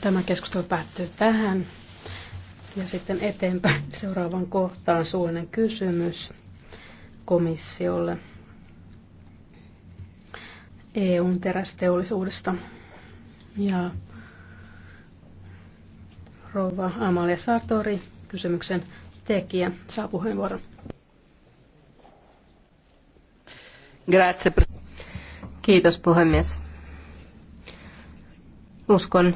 Tämä keskustelu päättyy tähän. Ja sitten eteenpäin seuraavan kohtaan suunnan kysymys komissiolle EUn terästeollisuudesta. Ja rouva Amalia Sartori, kysymyksen tekijä, saa puheenvuoron. Grazie. Kiitos puhemies. Uskon,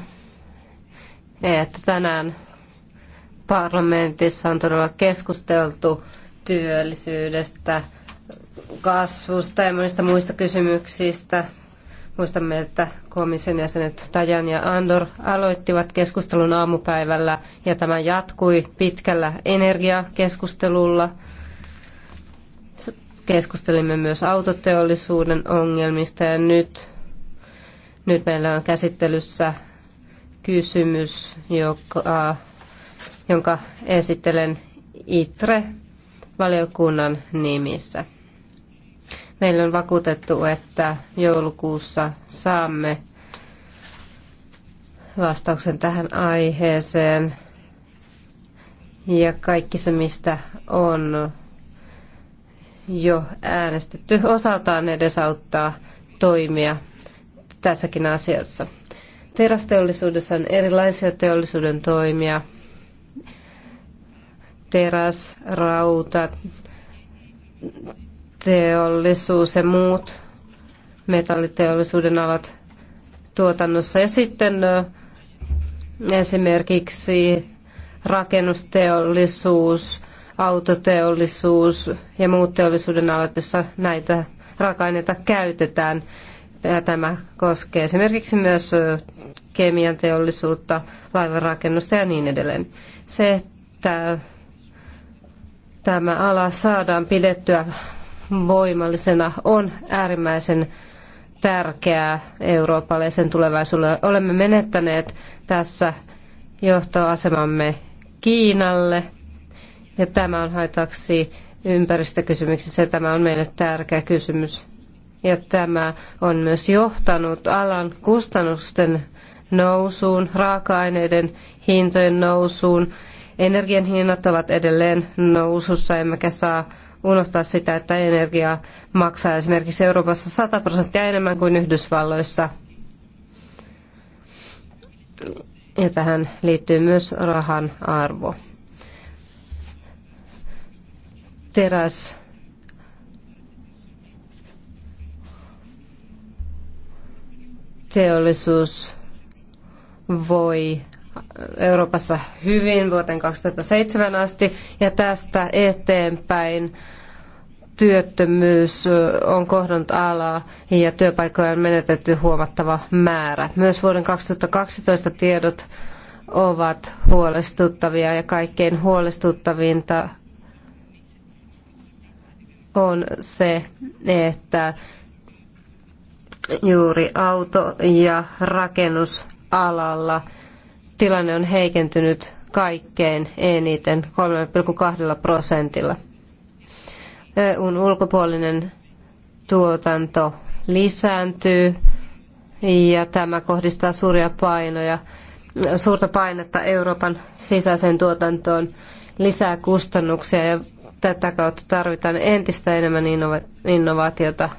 että tänään parlamentissa on todella keskusteltu työllisyydestä, kasvusta ja monista muista kysymyksistä. Muistamme, että komission jäsenet Tajan ja Andor aloittivat keskustelun aamupäivällä ja tämä jatkui pitkällä energiakeskustelulla. Keskustelimme myös autoteollisuuden ongelmista ja nyt, nyt meillä on käsittelyssä kysymys, joka, jonka esittelen ITRE valiokunnan nimissä. Meillä on vakuutettu, että joulukuussa saamme vastauksen tähän aiheeseen. Ja kaikki se, mistä on jo äänestetty, osaltaan edesauttaa toimia tässäkin asiassa. Terästeollisuudessa on erilaisia teollisuuden toimia. Teräs, rauta, teollisuus ja muut metalliteollisuuden alat tuotannossa. Ja sitten esimerkiksi rakennusteollisuus, autoteollisuus ja muut teollisuuden alat, joissa näitä raaka-aineita käytetään tämä koskee esimerkiksi myös kemian teollisuutta, laivanrakennusta ja niin edelleen. Se, että tämä ala saadaan pidettyä voimallisena, on äärimmäisen tärkeää Euroopalle ja sen tulevaisuudelle. Olemme menettäneet tässä johtoasemamme Kiinalle ja tämä on haitaksi ympäristökysymyksissä. Tämä on meille tärkeä kysymys ja tämä on myös johtanut alan kustannusten nousuun, raaka-aineiden hintojen nousuun. Energian hinnat ovat edelleen nousussa, emmekä saa unohtaa sitä, että energia maksaa esimerkiksi Euroopassa 100 prosenttia enemmän kuin Yhdysvalloissa. Ja tähän liittyy myös rahan arvo. Teräs teollisuus voi Euroopassa hyvin vuoteen 2007 asti ja tästä eteenpäin työttömyys on kohdannut alaa ja työpaikkoja on menetetty huomattava määrä. Myös vuoden 2012 tiedot ovat huolestuttavia ja kaikkein huolestuttavinta on se, että juuri auto- ja rakennusalalla tilanne on heikentynyt kaikkein eniten 3,2 prosentilla. EUn ulkopuolinen tuotanto lisääntyy ja tämä kohdistaa suuria painoja, suurta painetta Euroopan sisäiseen tuotantoon lisää kustannuksia ja tätä kautta tarvitaan entistä enemmän innova- innovaatiota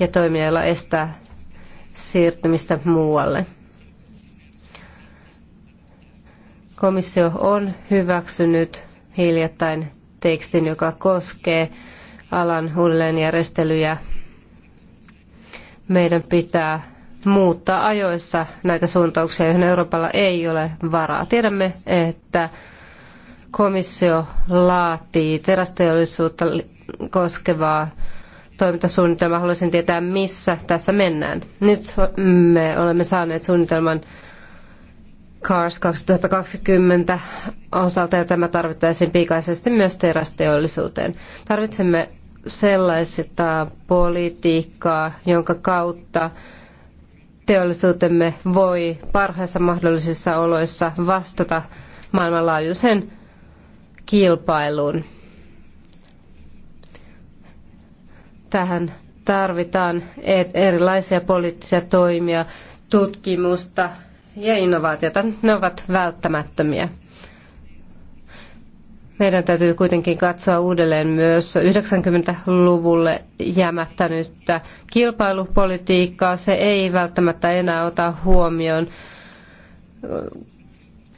ja toimia, joilla estää siirtymistä muualle. Komissio on hyväksynyt hiljattain tekstin, joka koskee alan uudelleenjärjestelyjä. Meidän pitää muuttaa ajoissa näitä suuntauksia, joihin Euroopalla ei ole varaa. Tiedämme, että komissio laatii terästeollisuutta koskevaa toimintasuunnitelma. Haluaisin tietää, missä tässä mennään. Nyt me olemme saaneet suunnitelman Cars 2020 osalta ja tämä tarvittaisiin pikaisesti myös terästeollisuuteen. Tarvitsemme sellaista politiikkaa, jonka kautta teollisuutemme voi parhaissa mahdollisissa oloissa vastata maailmanlaajuisen kilpailuun. Tähän tarvitaan e- erilaisia poliittisia toimia, tutkimusta ja innovaatiota. Ne ovat välttämättömiä. Meidän täytyy kuitenkin katsoa uudelleen myös 90-luvulle jämättänyttä kilpailupolitiikkaa. Se ei välttämättä enää ota huomioon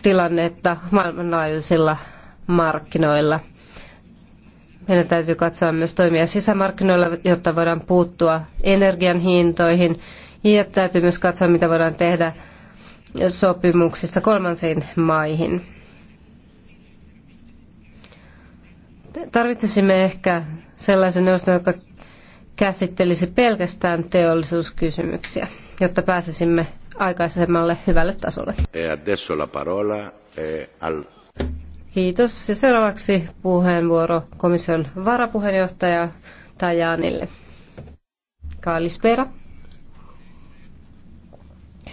tilannetta maailmanlaajuisilla markkinoilla – meidän täytyy katsoa myös toimia sisämarkkinoilla, jotta voidaan puuttua energian hintoihin. Ja täytyy myös katsoa, mitä voidaan tehdä sopimuksissa kolmansiin maihin. Tarvitsisimme ehkä sellaisen neuvoston, joka käsittelisi pelkästään teollisuuskysymyksiä, jotta pääsisimme aikaisemmalle hyvälle tasolle. E Kiitos. Ja seuraavaksi puheenvuoro komission varapuheenjohtaja Tajanille. Kallispera.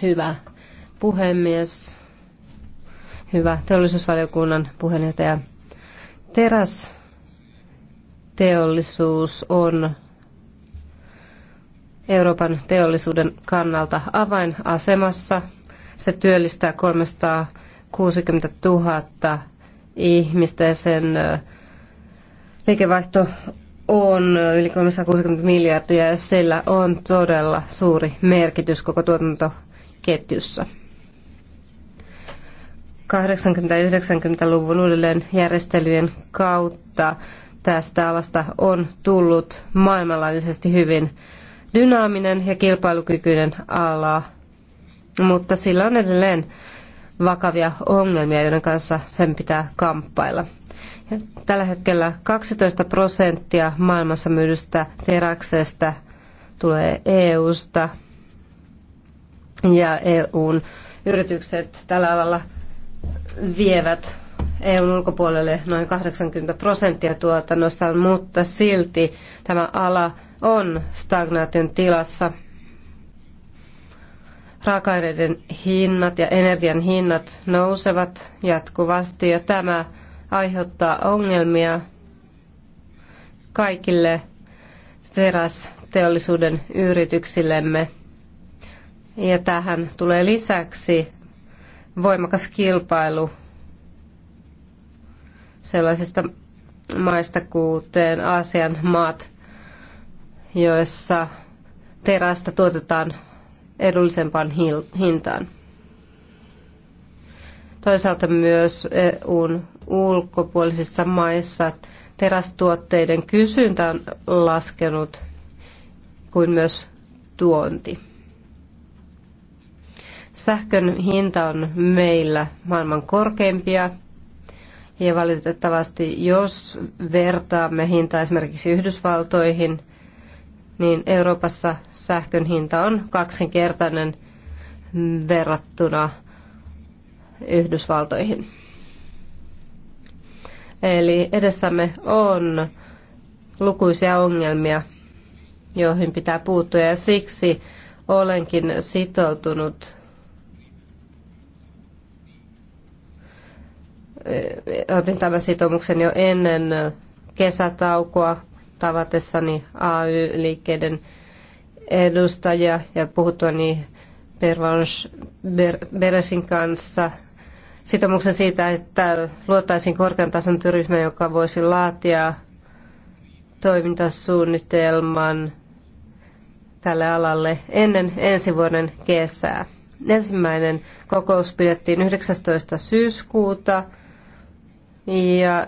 Hyvä puhemies. Hyvä teollisuusvaliokunnan puheenjohtaja. Teräs teollisuus on Euroopan teollisuuden kannalta avainasemassa. Se työllistää 360 000 ihmistä ja sen liikevaihto on yli 360 miljardia ja sillä on todella suuri merkitys koko tuotantoketjussa. 80-90-luvun uudelleen järjestelyjen kautta tästä alasta on tullut maailmanlaajuisesti hyvin dynaaminen ja kilpailukykyinen ala, mutta sillä on edelleen vakavia ongelmia, joiden kanssa sen pitää kamppailla. Tällä hetkellä 12 prosenttia maailmassa myydystä teräksestä tulee EUsta ja EUn yritykset tällä alalla vievät EUn ulkopuolelle noin 80 prosenttia tuotannosta, mutta silti tämä ala on stagnaation tilassa – Raaka-aineiden hinnat ja energian hinnat nousevat jatkuvasti ja tämä aiheuttaa ongelmia kaikille terästeollisuuden yrityksillemme. Ja tähän tulee lisäksi voimakas kilpailu sellaisista maista kuuteen Aasian maat, joissa terästä tuotetaan edullisempaan hintaan. Toisaalta myös EUn ulkopuolisissa maissa terästuotteiden kysyntä on laskenut kuin myös tuonti. Sähkön hinta on meillä maailman korkeimpia ja valitettavasti jos vertaamme hintaa esimerkiksi Yhdysvaltoihin – niin Euroopassa sähkön hinta on kaksinkertainen verrattuna Yhdysvaltoihin. Eli edessämme on lukuisia ongelmia, joihin pitää puuttua ja siksi olenkin sitoutunut otin tämän sitoumuksen jo ennen kesätaukoa tavatessani AY-liikkeiden edustajia ja puhuttuani Pervanche Beresin kanssa sitoumuksen siitä, että luotaisiin korkean tason työryhmä, joka voisi laatia toimintasuunnitelman tälle alalle ennen ensi vuoden kesää. Ensimmäinen kokous pidettiin 19. syyskuuta ja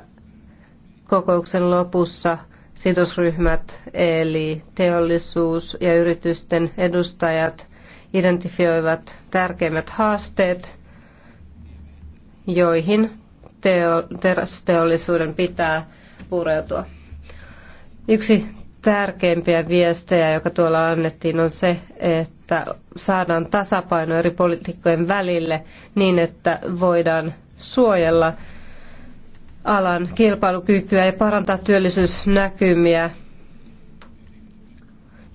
kokouksen lopussa – sidosryhmät eli teollisuus ja yritysten edustajat identifioivat tärkeimmät haasteet, joihin teo- terästeollisuuden pitää pureutua. Yksi tärkeimpiä viestejä, joka tuolla annettiin, on se, että saadaan tasapaino eri politiikkojen välille niin, että voidaan suojella alan kilpailukykyä ja parantaa työllisyysnäkymiä,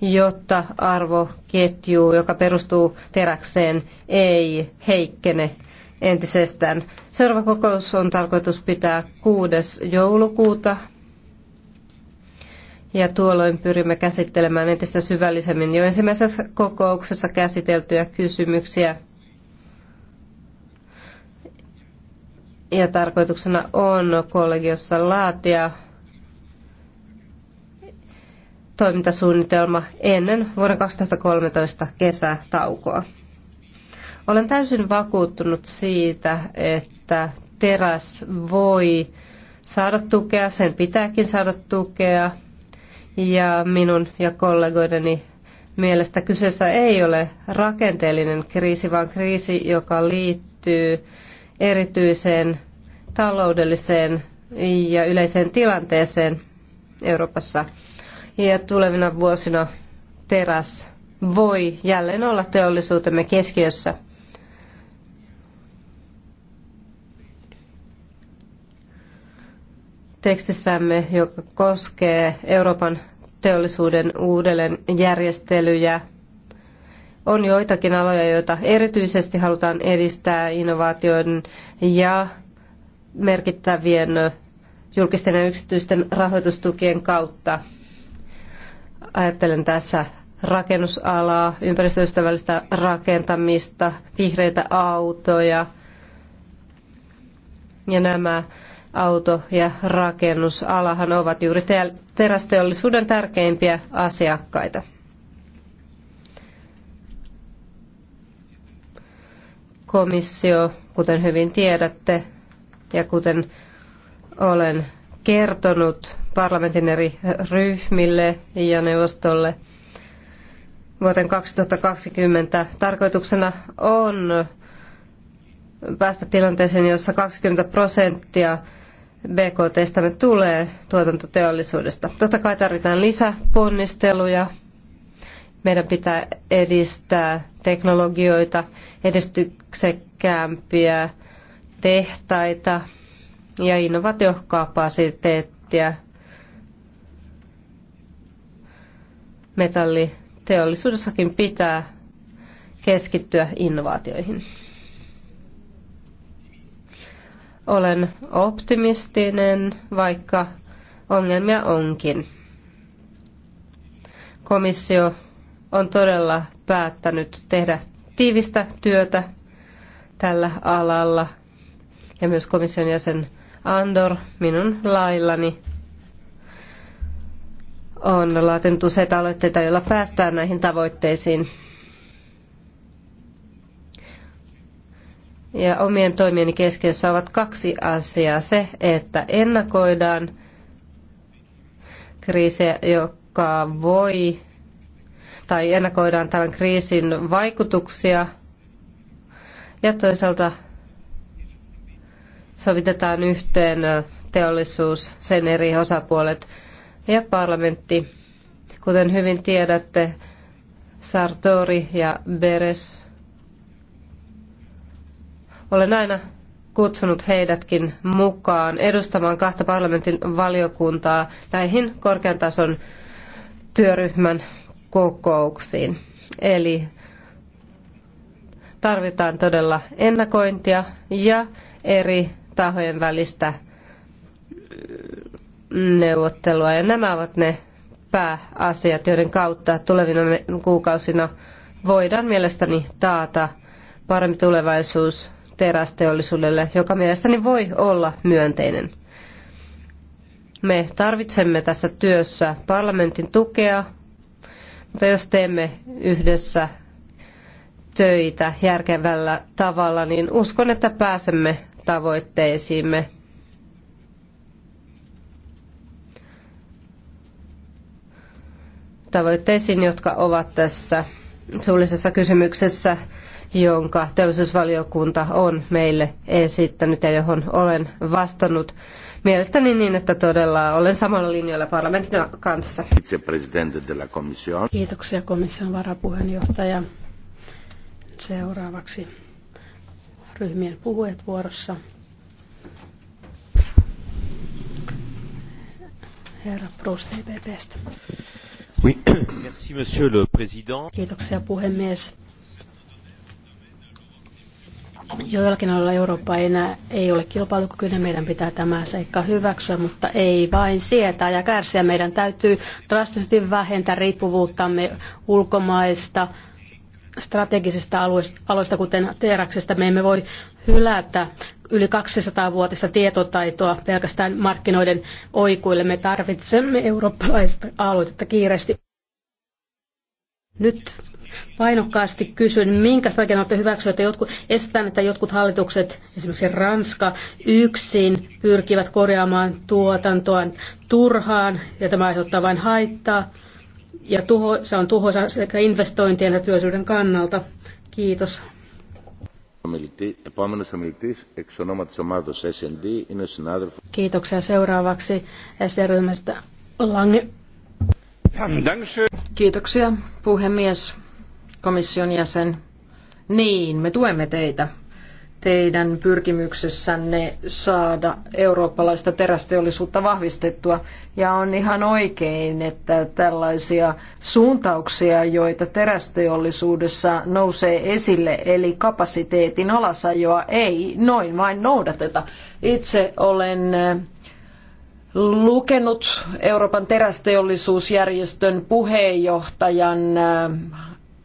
jotta arvoketju, joka perustuu teräkseen, ei heikkene entisestään. Seuraava kokous on tarkoitus pitää 6. joulukuuta ja tuolloin pyrimme käsittelemään entistä syvällisemmin jo ensimmäisessä kokouksessa käsiteltyjä kysymyksiä Ja tarkoituksena on kollegiossa laatia toimintasuunnitelma ennen vuoden 2013 kesätaukoa. Olen täysin vakuuttunut siitä, että teräs voi saada tukea, sen pitääkin saada tukea. Ja minun ja kollegoideni mielestä kyseessä ei ole rakenteellinen kriisi, vaan kriisi, joka liittyy erityiseen taloudelliseen ja yleiseen tilanteeseen Euroopassa. Ja tulevina vuosina teräs voi jälleen olla teollisuutemme keskiössä. Tekstissämme, joka koskee Euroopan teollisuuden uudelleenjärjestelyjä, järjestelyjä, on joitakin aloja, joita erityisesti halutaan edistää innovaatioiden ja merkittävien julkisten ja yksityisten rahoitustukien kautta. Ajattelen tässä rakennusalaa, ympäristöystävällistä rakentamista, vihreitä autoja. Ja nämä auto- ja rakennusalahan ovat juuri terästeollisuuden tärkeimpiä asiakkaita. komissio, kuten hyvin tiedätte ja kuten olen kertonut parlamentin eri ryhmille ja neuvostolle, vuoteen 2020 tarkoituksena on päästä tilanteeseen, jossa 20 prosenttia BKTstämme tulee tuotantoteollisuudesta. Totta kai tarvitaan lisäponnisteluja meidän pitää edistää teknologioita, edistyksekkäämpiä tehtaita ja innovaatiokapasiteettia metalliteollisuudessakin pitää keskittyä innovaatioihin. Olen optimistinen, vaikka ongelmia onkin. Komissio on todella päättänyt tehdä tiivistä työtä tällä alalla. Ja myös komission jäsen Andor minun laillani on laatinut useita aloitteita, joilla päästään näihin tavoitteisiin. Ja omien toimieni keskiössä ovat kaksi asiaa. Se, että ennakoidaan kriisejä, joka voi tai ennakoidaan tämän kriisin vaikutuksia ja toisaalta sovitetaan yhteen teollisuus, sen eri osapuolet ja parlamentti. Kuten hyvin tiedätte, Sartori ja Beres. Olen aina kutsunut heidätkin mukaan edustamaan kahta parlamentin valiokuntaa näihin korkean tason työryhmän kokouksiin. Eli tarvitaan todella ennakointia ja eri tahojen välistä neuvottelua. Ja nämä ovat ne pääasiat, joiden kautta tulevina kuukausina voidaan mielestäni taata parempi tulevaisuus terästeollisuudelle, joka mielestäni voi olla myönteinen. Me tarvitsemme tässä työssä parlamentin tukea mutta jos teemme yhdessä töitä järkevällä tavalla, niin uskon, että pääsemme tavoitteisiimme. Tavoitteisiin, jotka ovat tässä suullisessa kysymyksessä, jonka teollisuusvaliokunta on meille esittänyt ja johon olen vastannut mielestäni niin, että todella olen samalla linjalla parlamentin kanssa. Kiitoksia komission varapuheenjohtaja. Seuraavaksi ryhmien puhujat vuorossa. Herra Proust EPPstä. Oui. Merci, monsieur le président. Kiitoksia puhemies Joillakin alueilla Eurooppa ei, enää, ei ole kilpailukykyinen, meidän pitää tämä seikka hyväksyä, mutta ei vain sietää ja kärsiä. Meidän täytyy drastisesti vähentää riippuvuuttamme ulkomaista strategisista aloista, kuten teräksestä. Me emme voi hylätä yli 200-vuotista tietotaitoa pelkästään markkinoiden oikuille. Me tarvitsemme eurooppalaista aloitetta kiireesti. Nyt painokkaasti kysyn, minkä takia olette hyväksyneet, että jotkut, estetään, että jotkut hallitukset, esimerkiksi Ranska, yksin pyrkivät korjaamaan tuotantoa turhaan, ja tämä aiheuttaa vain haittaa, ja tuho, se on tuhoisa sekä investointien ja työllisyyden kannalta. Kiitos. Kiitoksia seuraavaksi SD-ryhmästä Lange. Kiitoksia puhemies komission jäsen. Niin, me tuemme teitä teidän pyrkimyksessänne saada eurooppalaista terästeollisuutta vahvistettua. Ja on ihan oikein, että tällaisia suuntauksia, joita terästeollisuudessa nousee esille, eli kapasiteetin alasajoa, ei noin vain noudateta. Itse olen lukenut Euroopan terästeollisuusjärjestön puheenjohtajan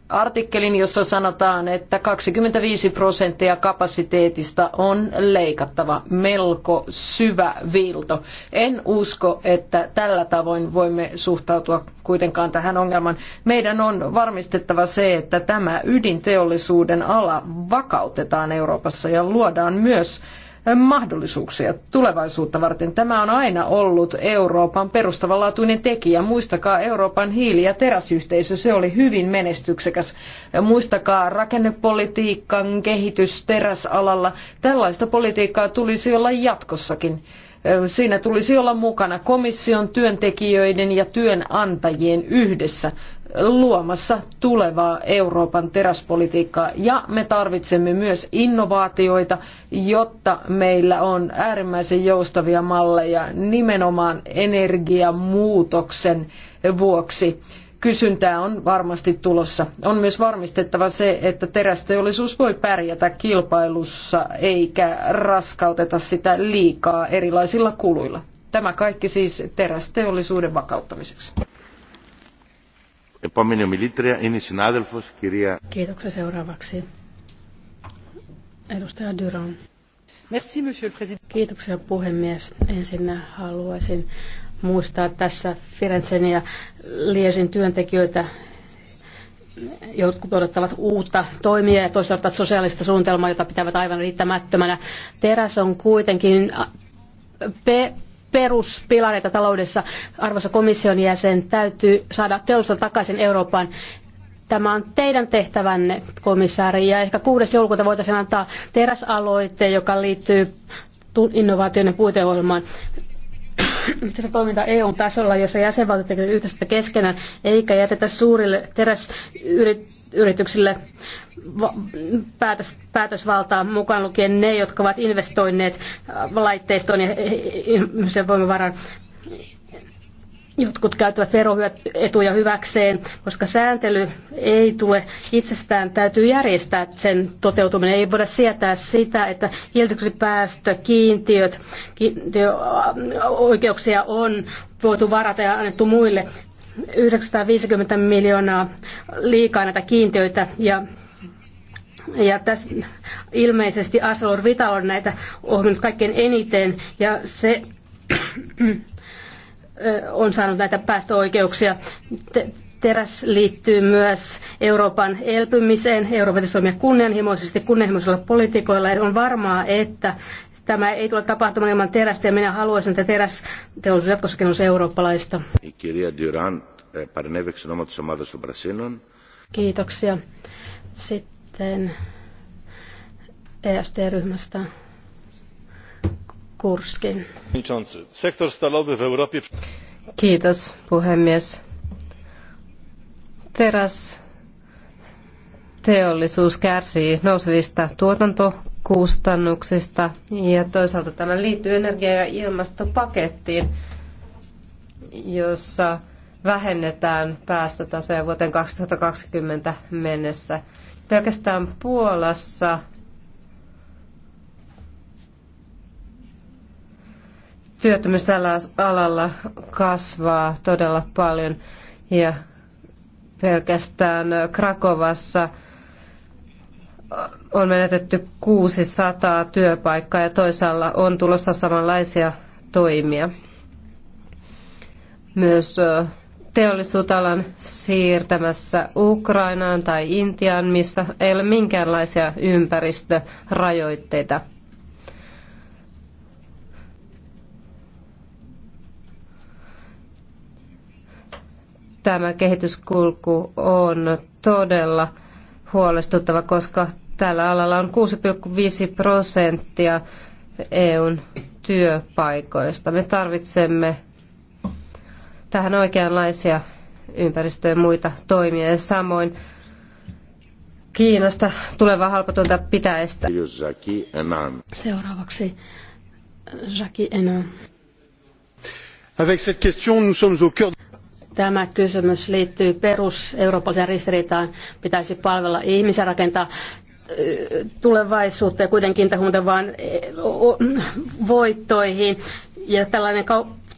artikkelin, jossa sanotaan, että 25 prosenttia kapasiteetista on leikattava. Melko syvä viilto. En usko, että tällä tavoin voimme suhtautua kuitenkaan tähän ongelmaan. Meidän on varmistettava se, että tämä ydinteollisuuden ala vakautetaan Euroopassa ja luodaan myös mahdollisuuksia tulevaisuutta varten. Tämä on aina ollut Euroopan perustavanlaatuinen tekijä. Muistakaa Euroopan hiili- ja teräsyhteisö, se oli hyvin menestyksekäs. Muistakaa rakennepolitiikan kehitys teräsalalla. Tällaista politiikkaa tulisi olla jatkossakin. Siinä tulisi olla mukana komission työntekijöiden ja työnantajien yhdessä luomassa tulevaa Euroopan teräspolitiikkaa. Ja me tarvitsemme myös innovaatioita, jotta meillä on äärimmäisen joustavia malleja nimenomaan energiamuutoksen vuoksi Kysyntää on varmasti tulossa. On myös varmistettava se, että terästeollisuus voi pärjätä kilpailussa eikä raskauteta sitä liikaa erilaisilla kuluilla. Tämä kaikki siis terästeollisuuden vakauttamiseksi. Επόμενη ομιλήτρια είναι η συνάδελφος κυρία... Κοίταξε seuraavaksi. Edustaja Duran. Merci, monsieur le président. Kiitoksia puhemies. Ensin haluaisin muistaa tässä Firenzen ja Liesin työntekijöitä, jotkut odottavat uutta toimia ja toisaalta sosiaalista suunnitelmaa, jota pitävät aivan riittämättömänä. Teräs on kuitenkin äh, pe- peruspilareita taloudessa. Arvoisa komission jäsen, täytyy saada teollisuutta takaisin Eurooppaan. Tämä on teidän tehtävänne, komissaari, ja ehkä 6. joulukuuta voitaisiin antaa teräsaloite, joka liittyy innovaatioiden puiteohjelmaan yhteistä toiminta EU-tasolla, jossa jäsenvaltiot tekevät yhteistyötä keskenään, eikä jätetä suurille teräsyrityksille päätös, päätösvaltaa mukaan lukien ne, jotka ovat investoineet laitteistoon ja ihmisen voimavaran Jotkut käyttävät veroetuja hyväkseen, koska sääntely ei tule itsestään, täytyy järjestää sen toteutuminen. Ei voida sietää sitä, että hiilidioksidipäästökiintiöt, kiintiöt oikeuksia on voitu varata ja annettu muille 950 miljoonaa liikaa näitä kiintiöitä ja ja tässä ilmeisesti Asalor Vital on näitä ohjannut kaikkein eniten ja se on saanut näitä päästöoikeuksia. Teräs liittyy myös Euroopan elpymiseen. Euroopan pitäisi toimia kunnianhimoisesti, kunnianhimoisilla politiikoilla. On varmaa, että tämä ei tule tapahtumaan ilman terästä ja minä haluaisin, että terästeollisuus jatkossakin olisi eurooppalaista. Kiitoksia. Sitten EST-ryhmästä. Kurskin. Kiitos, puhemies. Teräs teollisuus kärsii nousevista tuotantokustannuksista ja toisaalta tämä liittyy energia- ja ilmastopakettiin, jossa vähennetään päästötasoja vuoteen 2020 mennessä. Pelkästään Puolassa työttömyys tällä alalla kasvaa todella paljon ja pelkästään Krakovassa on menetetty 600 työpaikkaa ja toisaalla on tulossa samanlaisia toimia. Myös teollisuutalan siirtämässä Ukrainaan tai Intiaan, missä ei ole minkäänlaisia ympäristörajoitteita – tämä kehityskulku on todella huolestuttava, koska tällä alalla on 6,5 prosenttia EUn työpaikoista. Me tarvitsemme tähän oikeanlaisia ympäristöä ja muita toimia ja samoin Kiinasta tulevaa halpatonta pitää estää. Seuraavaksi Jackie Enan. Avec cette question, nous sommes au cœur Tämä kysymys liittyy perus eurooppalaisen ristiriitaan. Pitäisi palvella ihmisiä, rakentaa tulevaisuutta ja kuitenkin tähän vain voittoihin. Ja tällainen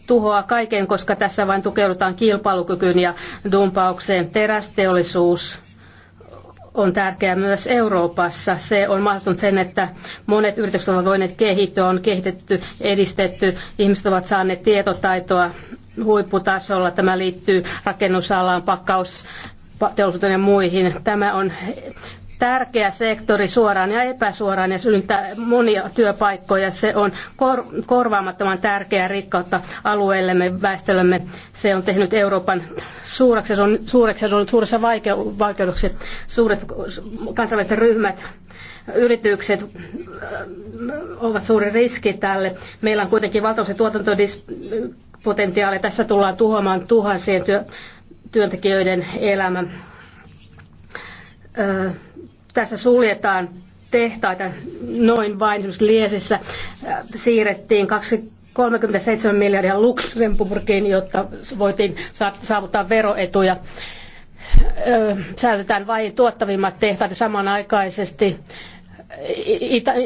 tuhoaa kaiken, koska tässä vain tukeudutaan kilpailukykyyn ja dumpaukseen. Terästeollisuus on tärkeää myös Euroopassa. Se on mahdollistanut sen, että monet yritykset ovat voineet kehittyä, on kehitetty, edistetty, ihmiset ovat saaneet tietotaitoa, huipputasolla. Tämä liittyy rakennusalaan, pakkaus, teollisuuteen ja muihin. Tämä on tärkeä sektori suoraan ja epäsuoraan ja synnyttää monia työpaikkoja. Se on kor- korvaamattoman tärkeää rikkautta alueellemme, väestöllemme. Se on tehnyt Euroopan suureksi, se on, suureksi, se on suuressa vaikeu- vaikeudeksi. Suuret kansainväliset ryhmät yritykset ovat suuri riski tälle. Meillä on kuitenkin valtavasti tuotantodis- potentiaali. Tässä tullaan tuhoamaan tuhansien työ, työntekijöiden elämä. Öö, tässä suljetaan tehtaita noin vain, Liesissä siirrettiin 37 miljardia Luxemburgiin, jotta voitiin saavuttaa veroetuja. Öö, säilytetään vain tuottavimmat tehtaat samanaikaisesti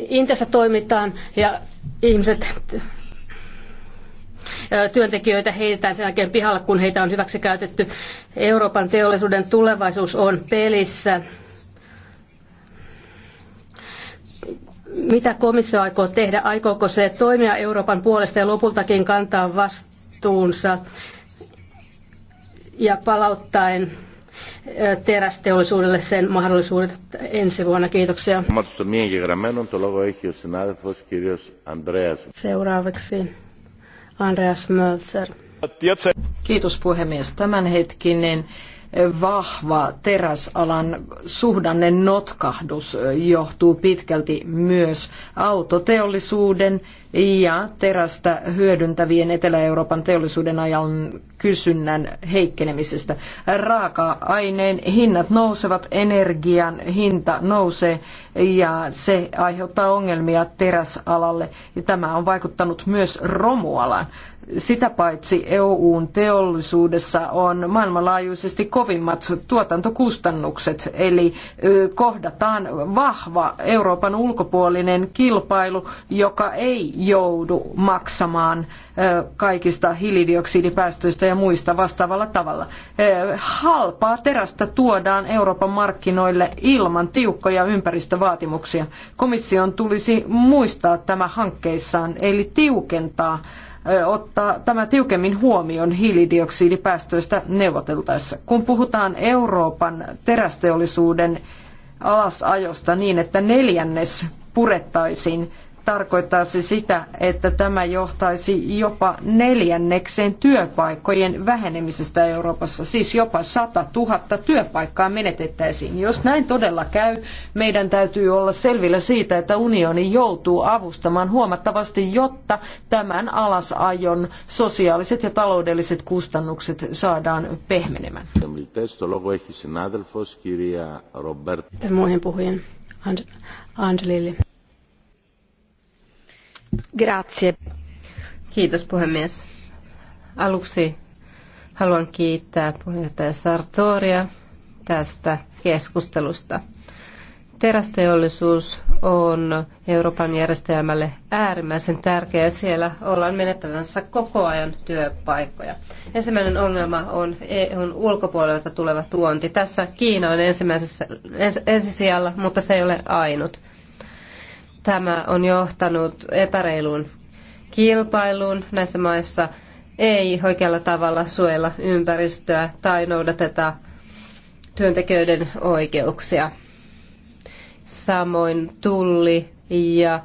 Intiassa toimitaan ja ihmiset työntekijöitä heitetään sen jälkeen pihalle, kun heitä on hyväksi käytetty. Euroopan teollisuuden tulevaisuus on pelissä. Mitä komissio aikoo tehdä? Aikooko se toimia Euroopan puolesta ja lopultakin kantaa vastuunsa ja palauttaen terästeollisuudelle sen mahdollisuudet ensi vuonna. Kiitoksia. Seuraavaksi Andreas Mölzer. Kiitos puhemies. Tämänhetkinen vahva teräsalan suhdanne notkahdus johtuu pitkälti myös autoteollisuuden ja terästä hyödyntävien Etelä-Euroopan teollisuuden ajan kysynnän heikkenemisestä. Raaka-aineen hinnat nousevat, energian hinta nousee ja se aiheuttaa ongelmia teräsalalle. Ja tämä on vaikuttanut myös romualaan. Sitä paitsi EUn teollisuudessa on maailmanlaajuisesti kovimmat tuotantokustannukset, eli kohdataan vahva Euroopan ulkopuolinen kilpailu, joka ei joudu maksamaan kaikista hiilidioksidipäästöistä ja muista vastaavalla tavalla. Halpaa terästä tuodaan Euroopan markkinoille ilman tiukkoja ympäristövaatimuksia. Komission tulisi muistaa tämä hankkeissaan, eli tiukentaa ottaa tämä tiukemmin huomioon hiilidioksidipäästöistä neuvoteltaessa. Kun puhutaan Euroopan terästeollisuuden alasajosta niin, että neljännes purettaisiin tarkoittaa se sitä, että tämä johtaisi jopa neljännekseen työpaikkojen vähenemisestä Euroopassa, siis jopa 100 000 työpaikkaa menetettäisiin. Jos näin todella käy, meidän täytyy olla selvillä siitä, että unioni joutuu avustamaan huomattavasti, jotta tämän alasajon sosiaaliset ja taloudelliset kustannukset saadaan pehmenemään. Muihin puhujiin. Angelili. Kiitos puhemies. Aluksi haluan kiittää puheenjohtaja Sartoria tästä keskustelusta. Terästeollisuus on Euroopan järjestelmälle äärimmäisen tärkeä. Siellä ollaan menettävänsä koko ajan työpaikkoja. Ensimmäinen ongelma on EUn ulkopuolelta tuleva tuonti. Tässä Kiina on ensimmäisessä, ens, ensisijalla, mutta se ei ole ainut. Tämä on johtanut epäreiluun kilpailuun näissä maissa. Ei oikealla tavalla suojella ympäristöä tai noudateta työntekijöiden oikeuksia. Samoin tulli ja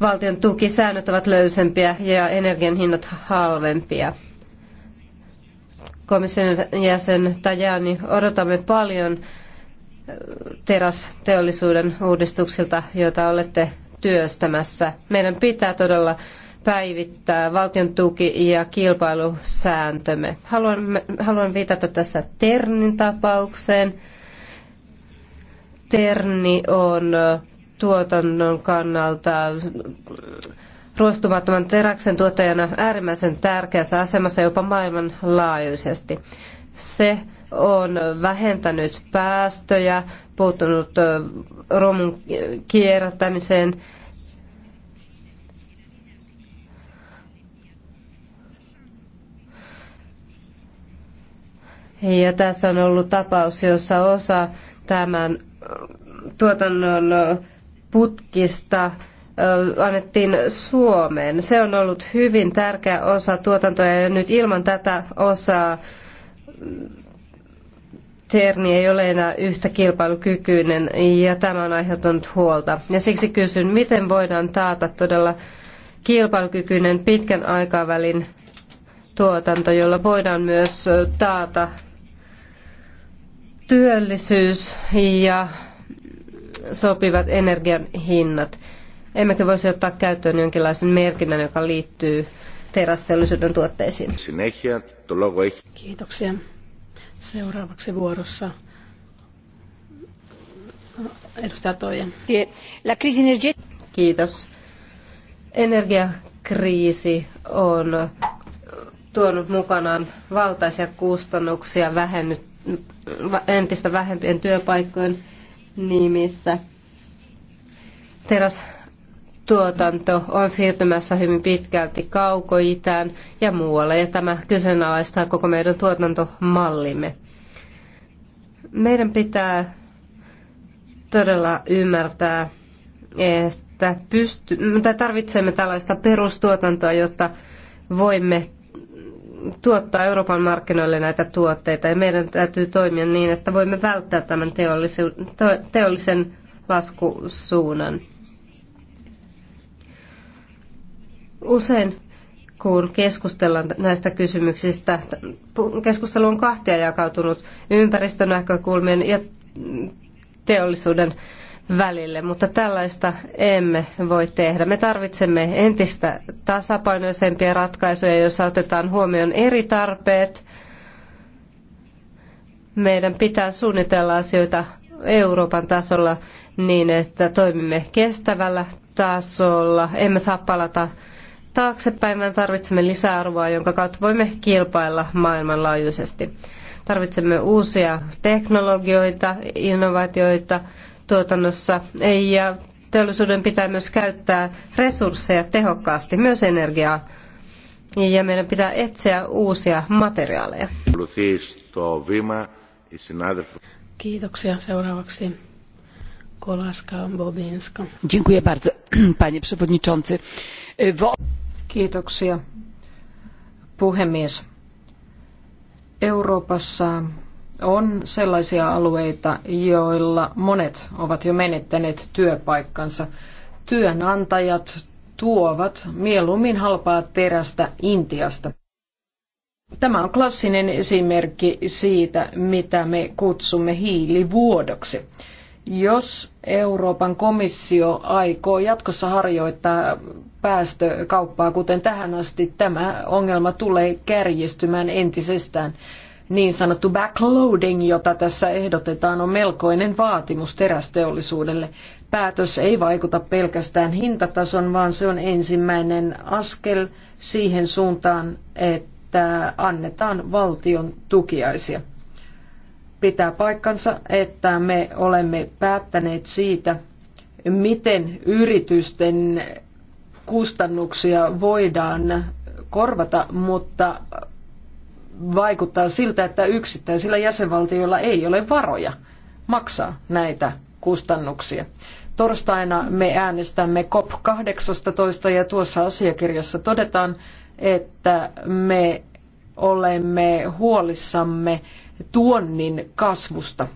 valtion tukisäännöt ovat löysempiä ja energian hinnat halvempia. Komission jäsen Tajani, odotamme paljon terästeollisuuden uudistuksilta, joita olette työstämässä. Meidän pitää todella päivittää valtion tuki- ja kilpailusääntömme. Haluan, haluan viitata tässä Ternin tapaukseen. Terni on tuotannon kannalta ruostumattoman teräksen tuottajana äärimmäisen tärkeässä asemassa jopa maailmanlaajuisesti. Se on vähentänyt päästöjä, puuttunut romun kierrättämiseen. Ja tässä on ollut tapaus, jossa osa tämän tuotannon putkista annettiin Suomeen. Se on ollut hyvin tärkeä osa tuotantoa ja nyt ilman tätä osaa Terni ei ole enää yhtä kilpailukykyinen ja tämä on aiheuttanut huolta. Ja siksi kysyn, miten voidaan taata todella kilpailukykyinen pitkän aikavälin tuotanto, jolla voidaan myös taata työllisyys ja sopivat energian hinnat. Emmekä voisi ottaa käyttöön jonkinlaisen merkinnän, joka liittyy terästeollisuuden tuotteisiin. Kiitoksia. Seuraavaksi vuorossa edustaja Toija. Kiitos. Energiakriisi on tuonut mukanaan valtaisia kustannuksia vähennyt, entistä vähempien työpaikkojen nimissä. Teräs tuotanto on siirtymässä hyvin pitkälti kaukoitään ja muualle, ja tämä kyseenalaistaa koko meidän tuotantomallimme. Meidän pitää todella ymmärtää, että pysty, tai tarvitsemme tällaista perustuotantoa, jotta voimme tuottaa Euroopan markkinoille näitä tuotteita, ja meidän täytyy toimia niin, että voimme välttää tämän teollisen, teollisen laskusuunnan. Usein kun keskustellaan näistä kysymyksistä, keskustelu on kahtia jakautunut ympäristönäkökulmien ja teollisuuden välille, mutta tällaista emme voi tehdä. Me tarvitsemme entistä tasapainoisempia ratkaisuja, joissa otetaan huomioon eri tarpeet. Meidän pitää suunnitella asioita Euroopan tasolla niin, että toimimme kestävällä tasolla. Emme saa palata taaksepäin, vaan tarvitsemme lisäarvoa, jonka kautta voimme kilpailla maailmanlaajuisesti. Tarvitsemme uusia teknologioita, innovaatioita tuotannossa ja teollisuuden pitää myös käyttää resursseja tehokkaasti, myös energiaa. Ja meidän pitää etsiä uusia materiaaleja. Kiitoksia. Seuraavaksi Kolaska Bobinska. Dziękuję bardzo, panie przewodniczący. Kiitoksia, puhemies. Euroopassa on sellaisia alueita, joilla monet ovat jo menettäneet työpaikkansa. Työnantajat tuovat mieluummin halpaa terästä Intiasta. Tämä on klassinen esimerkki siitä, mitä me kutsumme hiilivuodoksi. Jos Euroopan komissio aikoo jatkossa harjoittaa päästökauppaa, kuten tähän asti, tämä ongelma tulee kärjistymään entisestään. Niin sanottu backloading, jota tässä ehdotetaan, on melkoinen vaatimus terästeollisuudelle. Päätös ei vaikuta pelkästään hintatason, vaan se on ensimmäinen askel siihen suuntaan, että annetaan valtion tukiaisia. Pitää paikkansa, että me olemme päättäneet siitä, miten yritysten kustannuksia voidaan korvata, mutta vaikuttaa siltä, että yksittäisillä jäsenvaltioilla ei ole varoja maksaa näitä kustannuksia. Torstaina me äänestämme COP18 ja tuossa asiakirjassa todetaan, että me olemme huolissamme tuonnin kasvusta.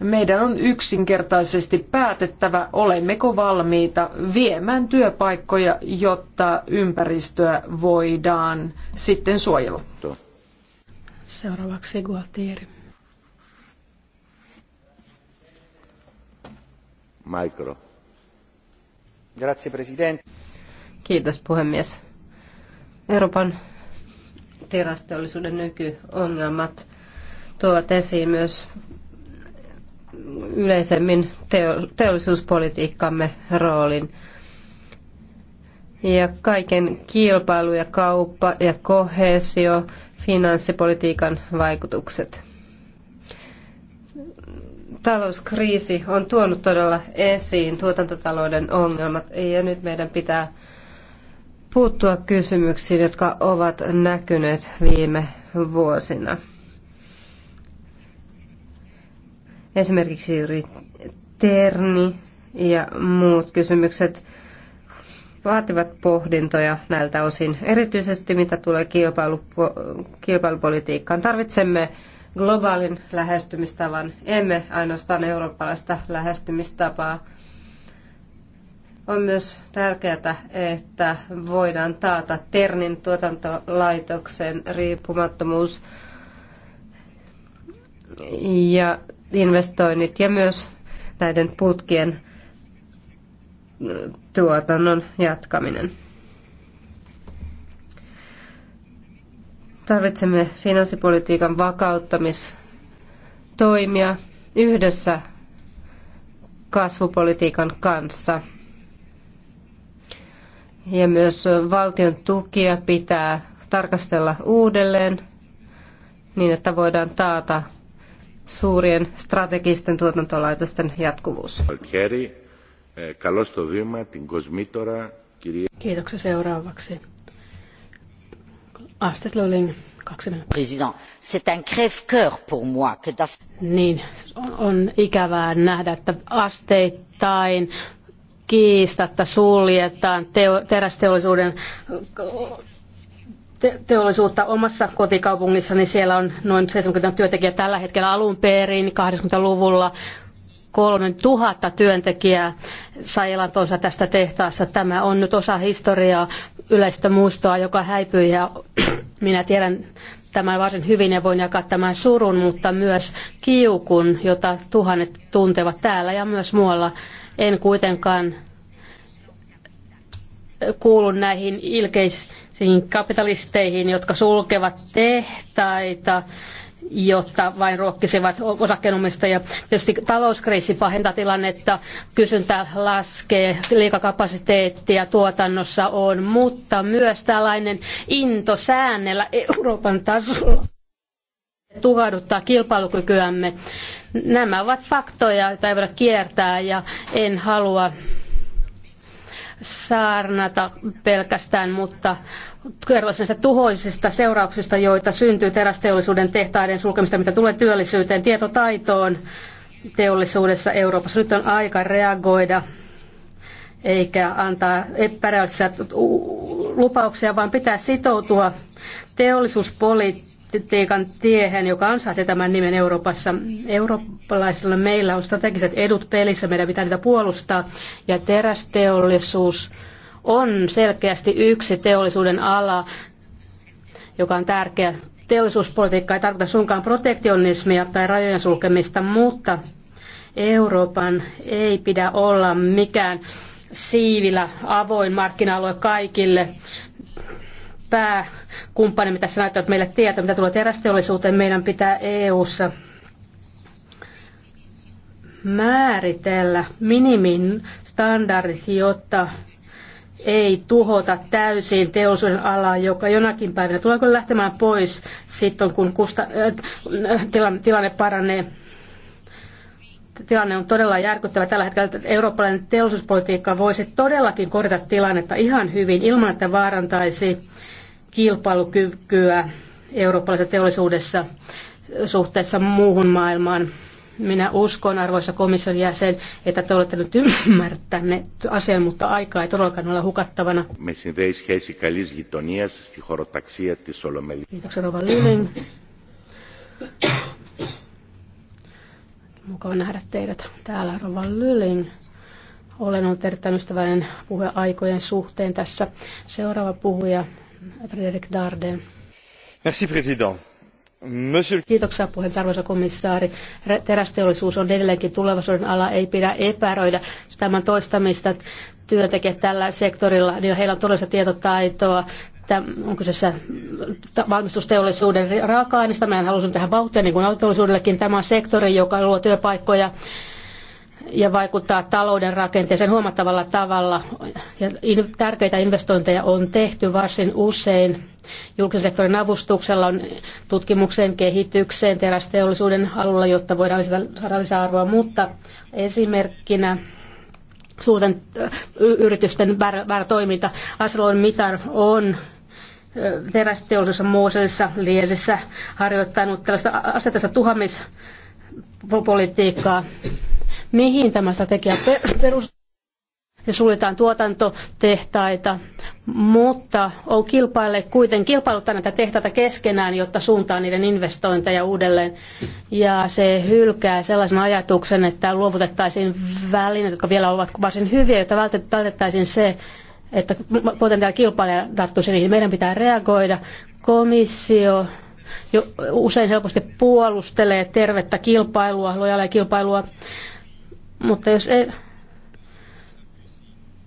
Meidän on yksinkertaisesti päätettävä, olemmeko valmiita viemään työpaikkoja, jotta ympäristöä voidaan sitten suojella. Seuraavaksi Gualtieri. Micro. Grazie, Presidente. Kiitos puhemies. Euroopan terästeollisuuden nykyongelmat tuovat esiin myös yleisemmin teollisuuspolitiikkamme roolin. Ja kaiken kilpailu ja kauppa ja kohesio, finanssipolitiikan vaikutukset. Talouskriisi on tuonut todella esiin tuotantotalouden ongelmat ja nyt meidän pitää puuttua kysymyksiin, jotka ovat näkyneet viime vuosina. Esimerkiksi juuri Terni ja muut kysymykset vaativat pohdintoja näiltä osin, erityisesti mitä tulee kilpailupo- kilpailupolitiikkaan. Tarvitsemme globaalin lähestymistavan, emme ainoastaan eurooppalaista lähestymistapaa. On myös tärkeää, että voidaan taata Ternin tuotantolaitoksen riippumattomuus ja investoinnit ja myös näiden putkien tuotannon jatkaminen. Tarvitsemme finanssipolitiikan vakauttamistoimia yhdessä kasvupolitiikan kanssa ja myös valtion tukia pitää tarkastella uudelleen niin, että voidaan taata suurien strategisten tuotantolaitosten jatkuvuus. Eh, Kiitoksia seuraavaksi. Astrid kaksi minuuttia. President, c'est un crève-cœur pour moi que das... Niin, on, on ikävää nähdä, että asteittain kiistatta suljetaan teo, terästeollisuuden te, teollisuutta omassa kotikaupungissani. Siellä on noin 70 työntekijää tällä hetkellä alun perin 80-luvulla. 3000 työntekijää sai elantonsa tästä tehtaasta. Tämä on nyt osa historiaa yleistä muistoa, joka häipyi ja minä tiedän tämän varsin hyvin ja voin jakaa tämän surun, mutta myös kiukun, jota tuhannet tuntevat täällä ja myös muualla en kuitenkaan kuulu näihin ilkeisiin kapitalisteihin, jotka sulkevat tehtaita, jotta vain ruokkisivat osakkeenomistajia. Tietysti talouskriisi pahentaa tilannetta, kysyntä laskee, liikakapasiteettia tuotannossa on, mutta myös tällainen into säännellä Euroopan tasolla tuhahduttaa kilpailukykyämme Nämä ovat faktoja, joita ei voida kiertää ja en halua saarnata pelkästään, mutta kertoisin näistä tuhoisista seurauksista, joita syntyy terästeollisuuden tehtaiden sulkemista, mitä tulee työllisyyteen, tietotaitoon teollisuudessa Euroopassa. Nyt on aika reagoida eikä antaa epäräyksiä lupauksia, vaan pitää sitoutua teollisuuspolitiikkaan Teikan tiehen, joka ansaitsee tämän nimen Euroopassa. Eurooppalaisilla meillä on strategiset edut pelissä, meidän pitää niitä puolustaa. Ja terästeollisuus on selkeästi yksi teollisuuden ala, joka on tärkeä. Teollisuuspolitiikka ei tarkoita suinkaan protektionismia tai rajojen sulkemista, mutta Euroopan ei pidä olla mikään siivillä avoin markkina-alue kaikille pääkumppanimme tässä näyttävät meille tietä, mitä tulee terästeollisuuteen. Meidän pitää EU-ssa määritellä minimin standardit, jotta ei tuhota täysin teollisuuden alaa, joka jonakin päivänä tulee lähtemään pois sitten, kun kusta, äh, tilanne, tilanne paranee. Tilanne on todella järkyttävä tällä hetkellä, että eurooppalainen teollisuuspolitiikka voisi todellakin korjata tilannetta ihan hyvin ilman, että vaarantaisi kilpailukykyä eurooppalaisessa teollisuudessa suhteessa muuhun maailmaan. Minä uskon, arvoisa komission jäsen, että te olette nyt ymmärtäneet asian, mutta aikaa ei todellakaan ole hukattavana. Me Kiitoksia Rova Lyling. Mukava nähdä teidät täällä, Rova Lyling. Olen ollut erittäin ystävällinen puheaikojen suhteen tässä. Seuraava puhuja Frederik Kiitoksia puhemies, arvoisa komissaari. Terästeollisuus on edelleenkin tulevaisuuden ala, ei pidä epäröidä tämän toistamista työntekijät tällä sektorilla, niin heillä on todellista tietotaitoa, on kyseessä valmistusteollisuuden raaka-aineista. Mehän halusimme tähän vauhtia, niin kuin autoteollisuudellekin. Tämä on sektori, joka luo työpaikkoja ja vaikuttaa talouden rakenteeseen huomattavalla tavalla. Ja tärkeitä investointeja on tehty varsin usein. Julkisen sektorin avustuksella on tutkimukseen, kehitykseen, terästeollisuuden alulla, jotta voidaan saada lisäarvoa, mutta esimerkkinä suurten yritysten väärä, toiminta. Aslon Mitar on terästeollisuudessa Mooselissa, Liesissä harjoittanut tällaista asetessa tuhamispolitiikkaa mihin tämä strategia perustuu. Ja suljetaan tuotantotehtaita, mutta on kilpaille kuitenkin kilpailuttaa näitä tehtaita keskenään, jotta suuntaa niiden investointeja uudelleen. Ja se hylkää sellaisen ajatuksen, että luovutettaisiin välineet, jotka vielä ovat varsin hyviä, jotta vältettäisiin se, että potentiaali kilpailija tarttuisi niihin. Meidän pitää reagoida. Komissio jo usein helposti puolustelee tervettä kilpailua, lojaalia kilpailua mutta jos ei,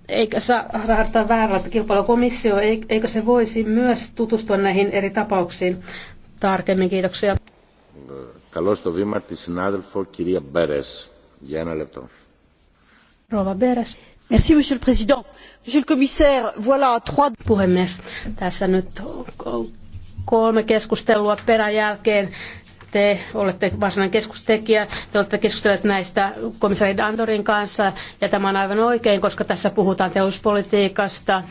eikä saa rahoittaa väärältä kilpailukomissio, eikö se voisi myös tutustua näihin eri tapauksiin tarkemmin? Kiitoksia. Καλώς το βήμα τη συνάδελφο κυρία Μπέρες. Για ένα λεπτό. Rouva Beres. Merci, monsieur le président. Monsieur le commissaire, voilà trois... Puhemies, tässä nyt kolme keskustelua peräjälkeen te olette varsinainen keskustekijä, te olette keskustelleet näistä komissaari Andorin kanssa, ja tämä on aivan oikein, koska tässä puhutaan teollisuuspolitiikasta,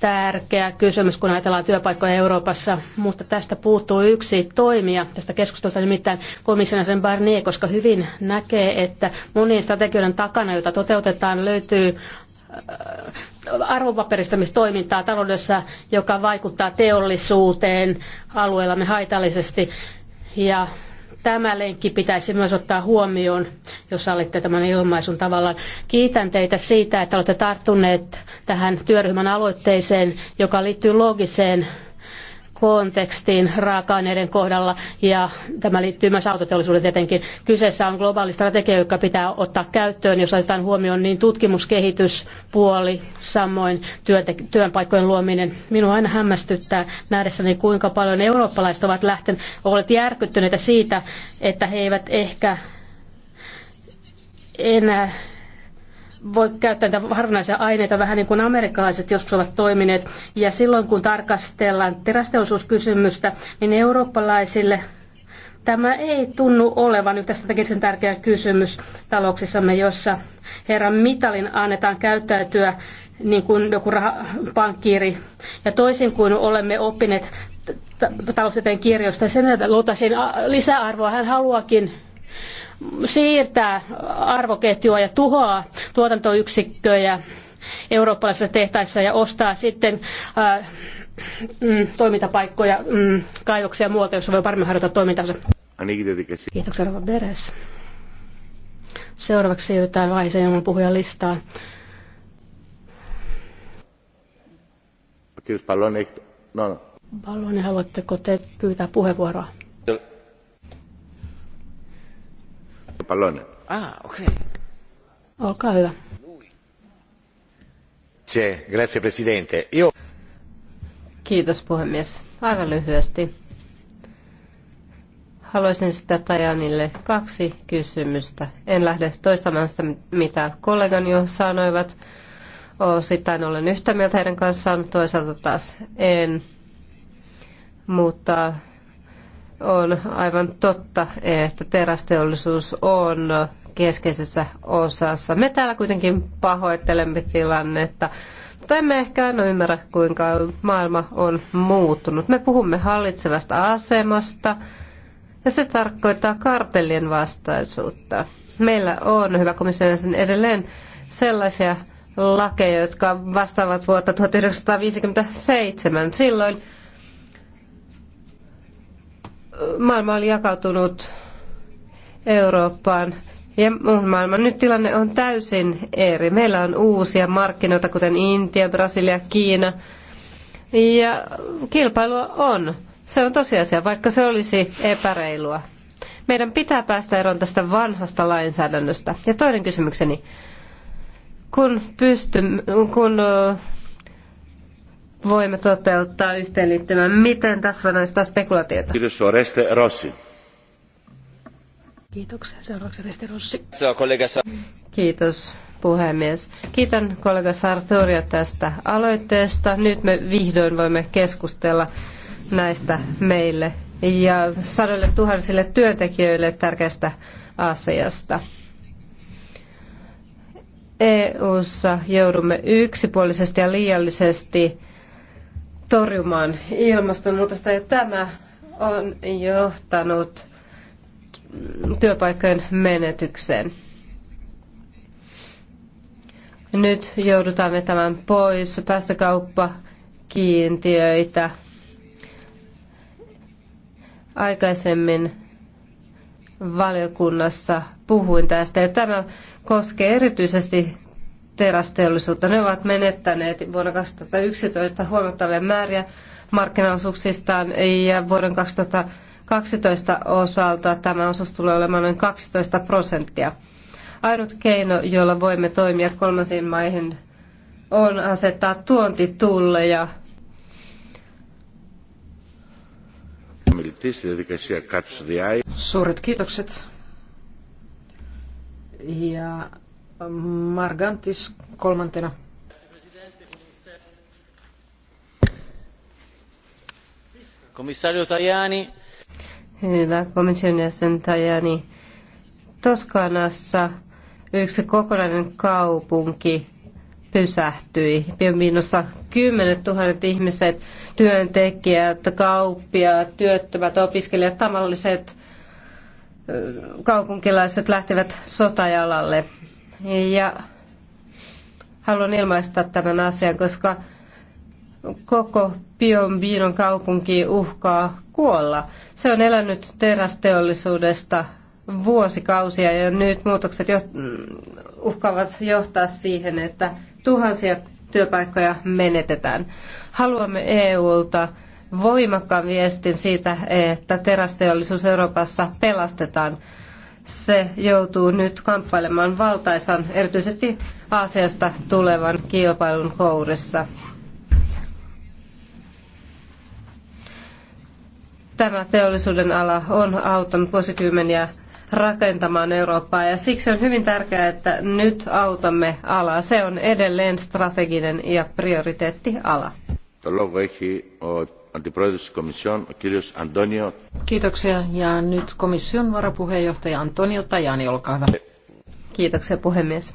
tärkeä kysymys, kun ajatellaan työpaikkoja Euroopassa, mutta tästä puuttuu yksi toimija tästä keskustelusta, nimittäin komission sen Barnier, koska hyvin näkee, että monien strategioiden takana, joita toteutetaan, löytyy äh, arvopaperistamistoimintaa taloudessa, joka vaikuttaa teollisuuteen alueellamme haitallisesti. Ja tämä lenkki pitäisi myös ottaa huomioon, jos sallitte tämän ilmaisun tavallaan. Kiitän teitä siitä, että olette tarttuneet tähän työryhmän aloitteeseen, joka liittyy loogiseen kontekstiin raaka-aineiden kohdalla ja tämä liittyy myös autoteollisuuteen tietenkin. Kyseessä on globaali strategia, joka pitää ottaa käyttöön, jos otetaan huomioon niin tutkimuskehityspuoli, samoin työte, työpaikkojen luominen. Minua aina hämmästyttää nähdessäni, kuinka paljon eurooppalaiset ovat lähteneet, olleet järkyttyneitä siitä, että he eivät ehkä enää voi käyttää näitä harvinaisia aineita vähän niin kuin amerikkalaiset joskus ovat toimineet. Ja silloin kun tarkastellaan terästeollisuuskysymystä, niin eurooppalaisille tämä ei tunnu olevan yhtä strategisen tärkeä kysymys talouksissamme, jossa herran mitalin annetaan käyttäytyä niin kuin joku pankkiiri. Ja toisin kuin olemme oppineet taloustieteen kirjoista, sen, että luotaisiin lisäarvoa, hän haluakin siirtää arvoketjua ja tuhoaa tuotantoyksikköjä eurooppalaisissa tehtaissa ja ostaa sitten ää, äh, mm, toimintapaikkoja, mm, kaivoksia ja muualta, jossa voi paremmin harjoittaa toimintansa. Kiitoksia, Rova Beres. Seuraavaksi siirrytään vaiheeseen ilman puhujan listaa. Kiitos, Pallone. No, no. Pallone, haluatteko te pyytää puheenvuoroa? Palone. Ah, Olkaa hyvä. Grazie, grazie presidente. Io... Kiitos puhemies. Aivan lyhyesti. Haluaisin sitä Tajanille kaksi kysymystä. En lähde toistamaan sitä, mitä kollegani jo sanoivat. Osittain olen yhtä mieltä heidän kanssaan, toisaalta taas en. Mutta on aivan totta, että terästeollisuus on keskeisessä osassa. Me täällä kuitenkin pahoittelemme tilannetta, mutta emme ehkä aina ymmärrä, kuinka maailma on muuttunut. Me puhumme hallitsevasta asemasta, ja se tarkoittaa kartellien vastaisuutta. Meillä on, hyvä komissio, edelleen sellaisia lakeja, jotka vastaavat vuotta 1957. Silloin maailma oli jakautunut Eurooppaan ja muun maailman. Nyt tilanne on täysin eri. Meillä on uusia markkinoita, kuten Intia, Brasilia, Kiina. Ja kilpailua on. Se on tosiasia, vaikka se olisi epäreilua. Meidän pitää päästä eroon tästä vanhasta lainsäädännöstä. Ja toinen kysymykseni. Kun, pystymme, kun voimme toteuttaa yhteenliittymän. Miten täsmännäistä spekulaatiota? Kiitos, Reste Rossi. Kiitoksia. Seuraavaksi Reste Rossi. Kiitos puhemies. Kiitän kollega Sartoria tästä aloitteesta. Nyt me vihdoin voimme keskustella näistä meille ja sadoille tuhansille työntekijöille tärkeästä asiasta. EU:ssa joudumme yksipuolisesti ja liiallisesti torjumaan ilmastonmuutosta ja tämä on johtanut työpaikkojen menetykseen. Nyt joudutaan vetämään pois päästökauppakiintiöitä. kiintiöitä. Aikaisemmin valiokunnassa puhuin tästä ja tämä koskee erityisesti terästeollisuutta. Ne ovat menettäneet vuonna 2011 huomattavia määriä markkinaosuuksistaan ja vuoden 2012 osalta tämä osuus tulee olemaan noin 12 prosenttia. Ainut keino, jolla voimme toimia kolmansiin maihin, on asettaa tuontitulleja. Suuret kiitokset. Ja Margantis kolmantena. Komissario Tajani. Hyvä, komission jäsen Tajani. Toskanassa yksi kokonainen kaupunki pysähtyi. Miinussa kymmenet tuhannet ihmiset, työntekijät, kauppia, työttömät, opiskelijat, tavalliset kaupunkilaiset lähtivät sotajalalle ja haluan ilmaista tämän asian, koska koko Pionbinon kaupunki uhkaa kuolla. Se on elänyt terästeollisuudesta vuosikausia ja nyt muutokset uhkaavat johtaa siihen, että tuhansia työpaikkoja menetetään. Haluamme EUlta voimakkaan viestin siitä, että terästeollisuus Euroopassa pelastetaan se joutuu nyt kamppailemaan valtaisan, erityisesti Aasiasta tulevan kilpailun kourissa. Tämä teollisuuden ala on auttanut vuosikymmeniä rakentamaan Eurooppaa ja siksi on hyvin tärkeää, että nyt autamme alaa. Se on edelleen strateginen ja prioriteettiala. Αντιπρόεδρος Kiitoksia. Ja nyt komission varapuheenjohtaja Antonio Tajani, Kiitoksia puhemies.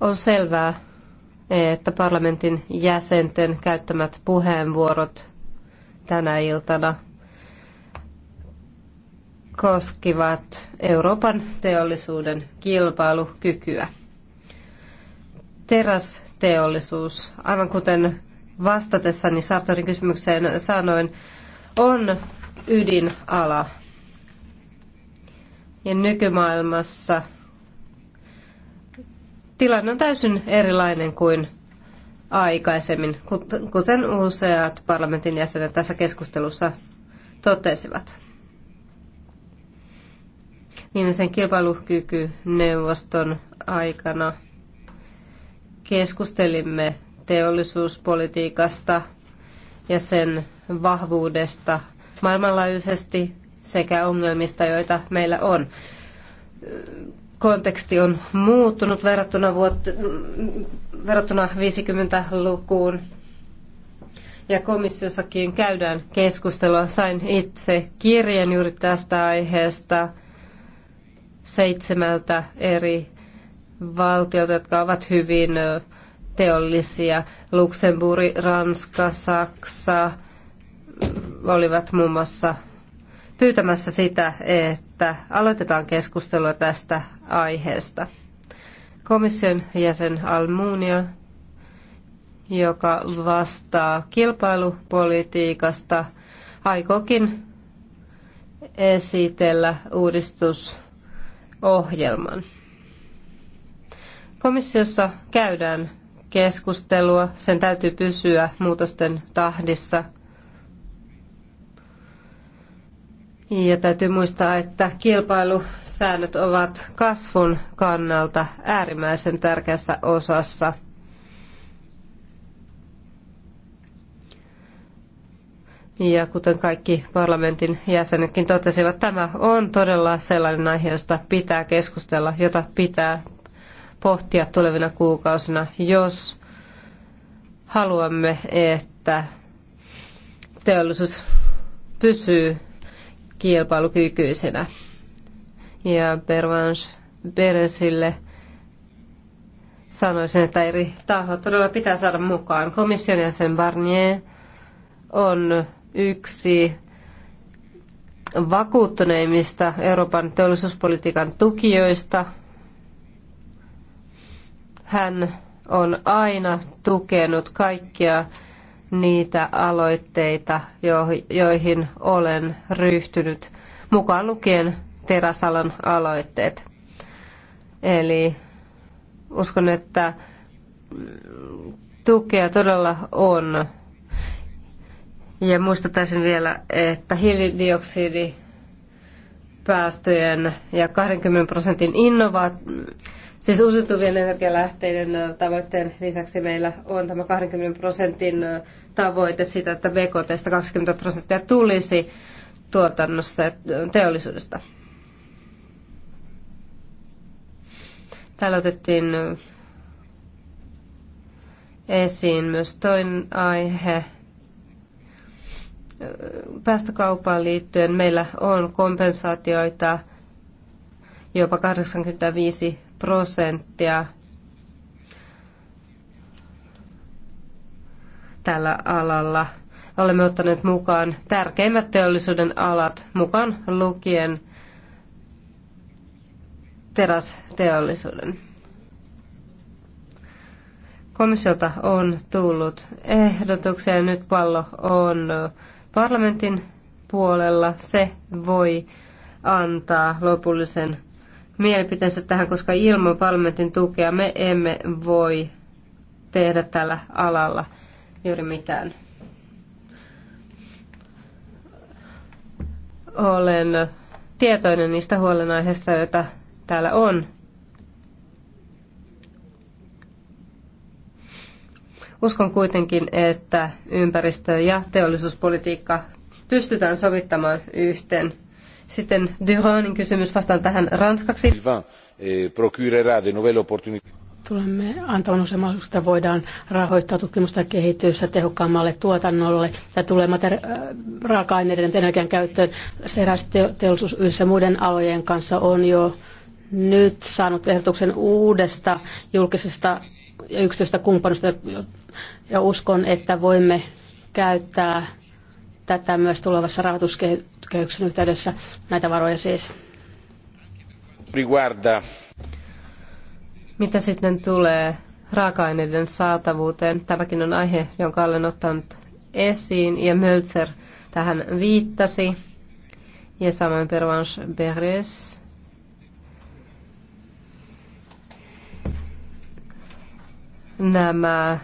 On selvää, että parlamentin jäsenten käyttämät puheenvuorot tänä iltana koskivat Euroopan teollisuuden kilpailukykyä terästeollisuus, aivan kuten vastatessani Sartorin kysymykseen sanoin, on ydinala. Ja nykymaailmassa tilanne on täysin erilainen kuin aikaisemmin, kuten useat parlamentin jäsenet tässä keskustelussa totesivat. Viimeisen kilpailukykyneuvoston aikana Keskustelimme teollisuuspolitiikasta ja sen vahvuudesta maailmanlaajuisesti sekä ongelmista, joita meillä on. Konteksti on muuttunut verrattuna, vuot- verrattuna 50-lukuun ja komissiossakin käydään keskustelua. Sain itse kirjan juuri tästä aiheesta seitsemältä eri Valtiot, jotka ovat hyvin teollisia. Luxemburg, Ranska, Saksa mm, olivat muun muassa pyytämässä sitä, että aloitetaan keskustelua tästä aiheesta. Komission jäsen Almunia, joka vastaa kilpailupolitiikasta, aikokin esitellä uudistusohjelman. Komissiossa käydään keskustelua, sen täytyy pysyä muutosten tahdissa. Ja täytyy muistaa, että kilpailusäännöt ovat kasvun kannalta äärimmäisen tärkeässä osassa. Ja kuten kaikki parlamentin jäsenetkin totesivat, tämä on todella sellainen aihe, josta pitää keskustella, jota pitää pohtia tulevina kuukausina, jos haluamme, että teollisuus pysyy kilpailukykyisenä. Ja Pervans Beresille sanoisin, että eri tahot todella pitää saada mukaan. Komission jäsen Barnier on yksi vakuuttuneimmista Euroopan teollisuuspolitiikan tukijoista – hän on aina tukenut kaikkia niitä aloitteita, joihin olen ryhtynyt, mukaan lukien Terasalon aloitteet. Eli uskon, että tukea todella on. Ja muistuttaisin vielä, että hiilidioksidipäästöjen ja 20 prosentin innovaatio Siis uusiutuvien energialähteiden äh, tavoitteen lisäksi meillä on tämä 20 prosentin äh, tavoite siitä, että BKTstä 20 prosenttia tulisi tuotannosta ja äh, teollisuudesta. Täällä otettiin esiin myös toinen aihe. Päästökaupaan liittyen meillä on kompensaatioita jopa 85 prosenttia tällä alalla. Olemme ottaneet mukaan tärkeimmät teollisuuden alat, mukaan lukien terasteollisuuden. Komissiolta on tullut ehdotuksia ja nyt pallo on parlamentin puolella. Se voi antaa lopullisen mielipiteensä tähän, koska ilman parlamentin tukea me emme voi tehdä tällä alalla juuri mitään. Olen tietoinen niistä huolenaiheista, joita täällä on. Uskon kuitenkin, että ympäristö- ja teollisuuspolitiikka pystytään sovittamaan yhteen sitten Duranin kysymys vastaan tähän ranskaksi. Eh, Tulemme antamaan usein mahdollisuuksia, että voidaan rahoittaa tutkimusta ja kehitystä tehokkaammalle tuotannolle. Tämä tulee materi- äh, raaka-aineiden energian käyttöön. Terästeollisuus yhdessä muiden alojen kanssa on jo nyt saanut ehdotuksen uudesta julkisesta ja yksityistä kumppanusta ja uskon, että voimme käyttää tätä myös tulevassa rahoituskehyksen yhteydessä, näitä varoja siis. Riguarda. Mitä sitten tulee raaka-aineiden saatavuuteen? Tämäkin on aihe, jonka olen ottanut esiin ja Mölzer tähän viittasi. Ja samoin Pervanche Beres. Nämä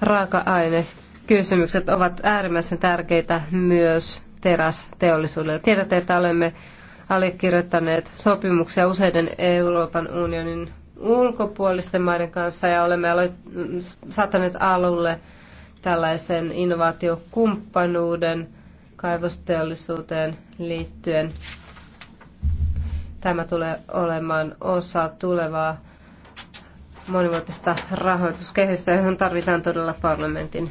raaka-aine kysymykset ovat äärimmäisen tärkeitä myös terästeollisuudelle. Tiedätte, että olemme allekirjoittaneet sopimuksia useiden Euroopan unionin ulkopuolisten maiden kanssa ja olemme aloit- saattaneet alulle tällaisen innovaatiokumppanuuden kaivosteollisuuteen liittyen. Tämä tulee olemaan osa tulevaa monivuotista rahoituskehystä, johon tarvitaan todella parlamentin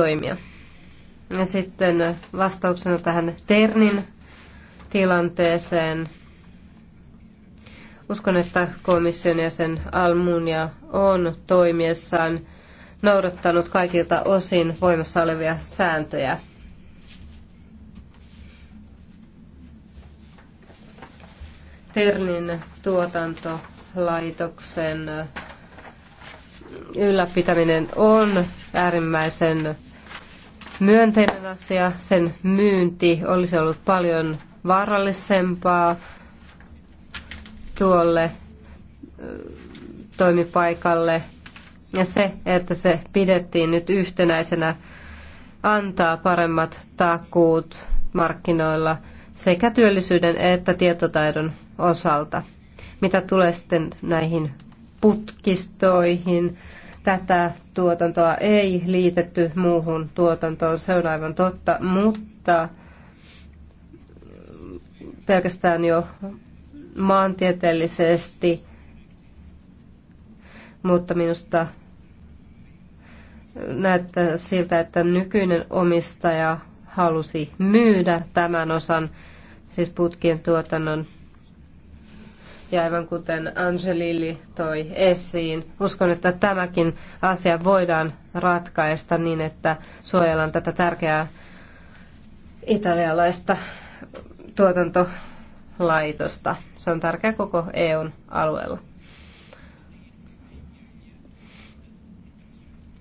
toimia. Ja sitten vastauksena tähän Ternin tilanteeseen. Uskon, että komission jäsen Almunia on toimiessaan noudattanut kaikilta osin voimassa olevia sääntöjä. Ternin tuotantolaitoksen ylläpitäminen on äärimmäisen myönteinen asia. Sen myynti olisi ollut paljon vaarallisempaa tuolle toimipaikalle. Ja se, että se pidettiin nyt yhtenäisenä, antaa paremmat takuut markkinoilla sekä työllisyyden että tietotaidon osalta. Mitä tulee sitten näihin putkistoihin, tätä tuotantoa ei liitetty muuhun tuotantoon, se on aivan totta, mutta pelkästään jo maantieteellisesti, mutta minusta näyttää siltä, että nykyinen omistaja halusi myydä tämän osan, siis putkien tuotannon ja aivan kuten Angelili toi esiin, uskon, että tämäkin asia voidaan ratkaista niin, että suojellaan tätä tärkeää italialaista tuotantolaitosta. Se on tärkeä koko EUn alueella.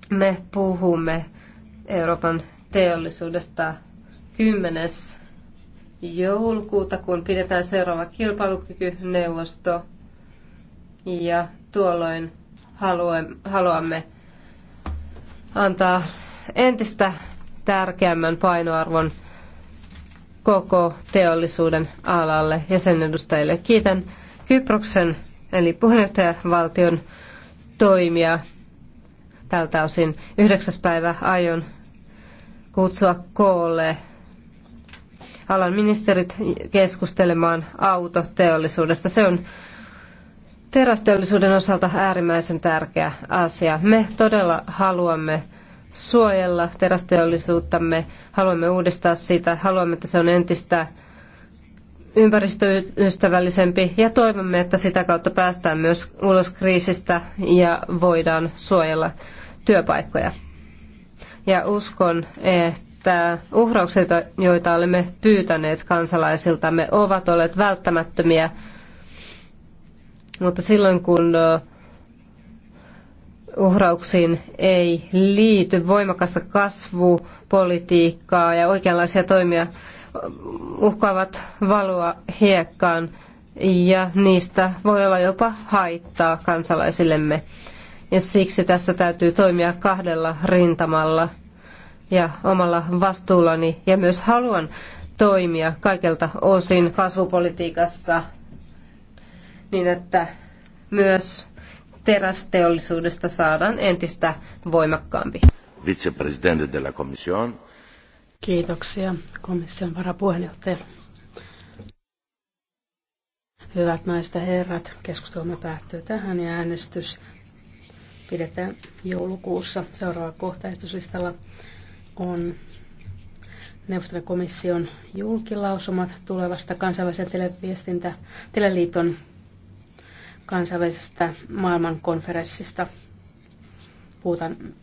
Me puhumme Euroopan teollisuudesta kymmenes joulukuuta, kun pidetään seuraava kilpailukykyneuvosto. Ja tuolloin haluamme antaa entistä tärkeämmän painoarvon koko teollisuuden alalle ja sen edustajille. Kiitän Kyproksen eli puheenjohtajavaltion toimia tältä osin. yhdeksäs päivä aion kutsua koolle alan ministerit keskustelemaan autoteollisuudesta. Se on terästeollisuuden osalta äärimmäisen tärkeä asia. Me todella haluamme suojella terästeollisuuttamme, haluamme uudistaa sitä, haluamme, että se on entistä ympäristöystävällisempi ja toivomme, että sitä kautta päästään myös ulos kriisistä ja voidaan suojella työpaikkoja. Ja uskon, että että uhraukset, joita olemme pyytäneet kansalaisiltamme, ovat olleet välttämättömiä. Mutta silloin kun uhrauksiin ei liity voimakasta kasvupolitiikkaa ja oikeanlaisia toimia uhkaavat valua hiekkaan ja niistä voi olla jopa haittaa kansalaisillemme. Ja siksi tässä täytyy toimia kahdella rintamalla – ja omalla vastuullani ja myös haluan toimia kaikelta osin kasvupolitiikassa niin, että myös terästeollisuudesta saadaan entistä voimakkaampi. Vicepresidente della Commission. Kiitoksia komission varapuheenjohtaja. Hyvät naiset ja herrat, keskustelumme päättyy tähän ja äänestys pidetään joulukuussa. Seuraava kohtaistusistalla on neuvoston komission julkilausumat tulevasta kansainvälisen televiestintä, teleliiton kansainvälisestä maailmankonferenssista. Puhutaan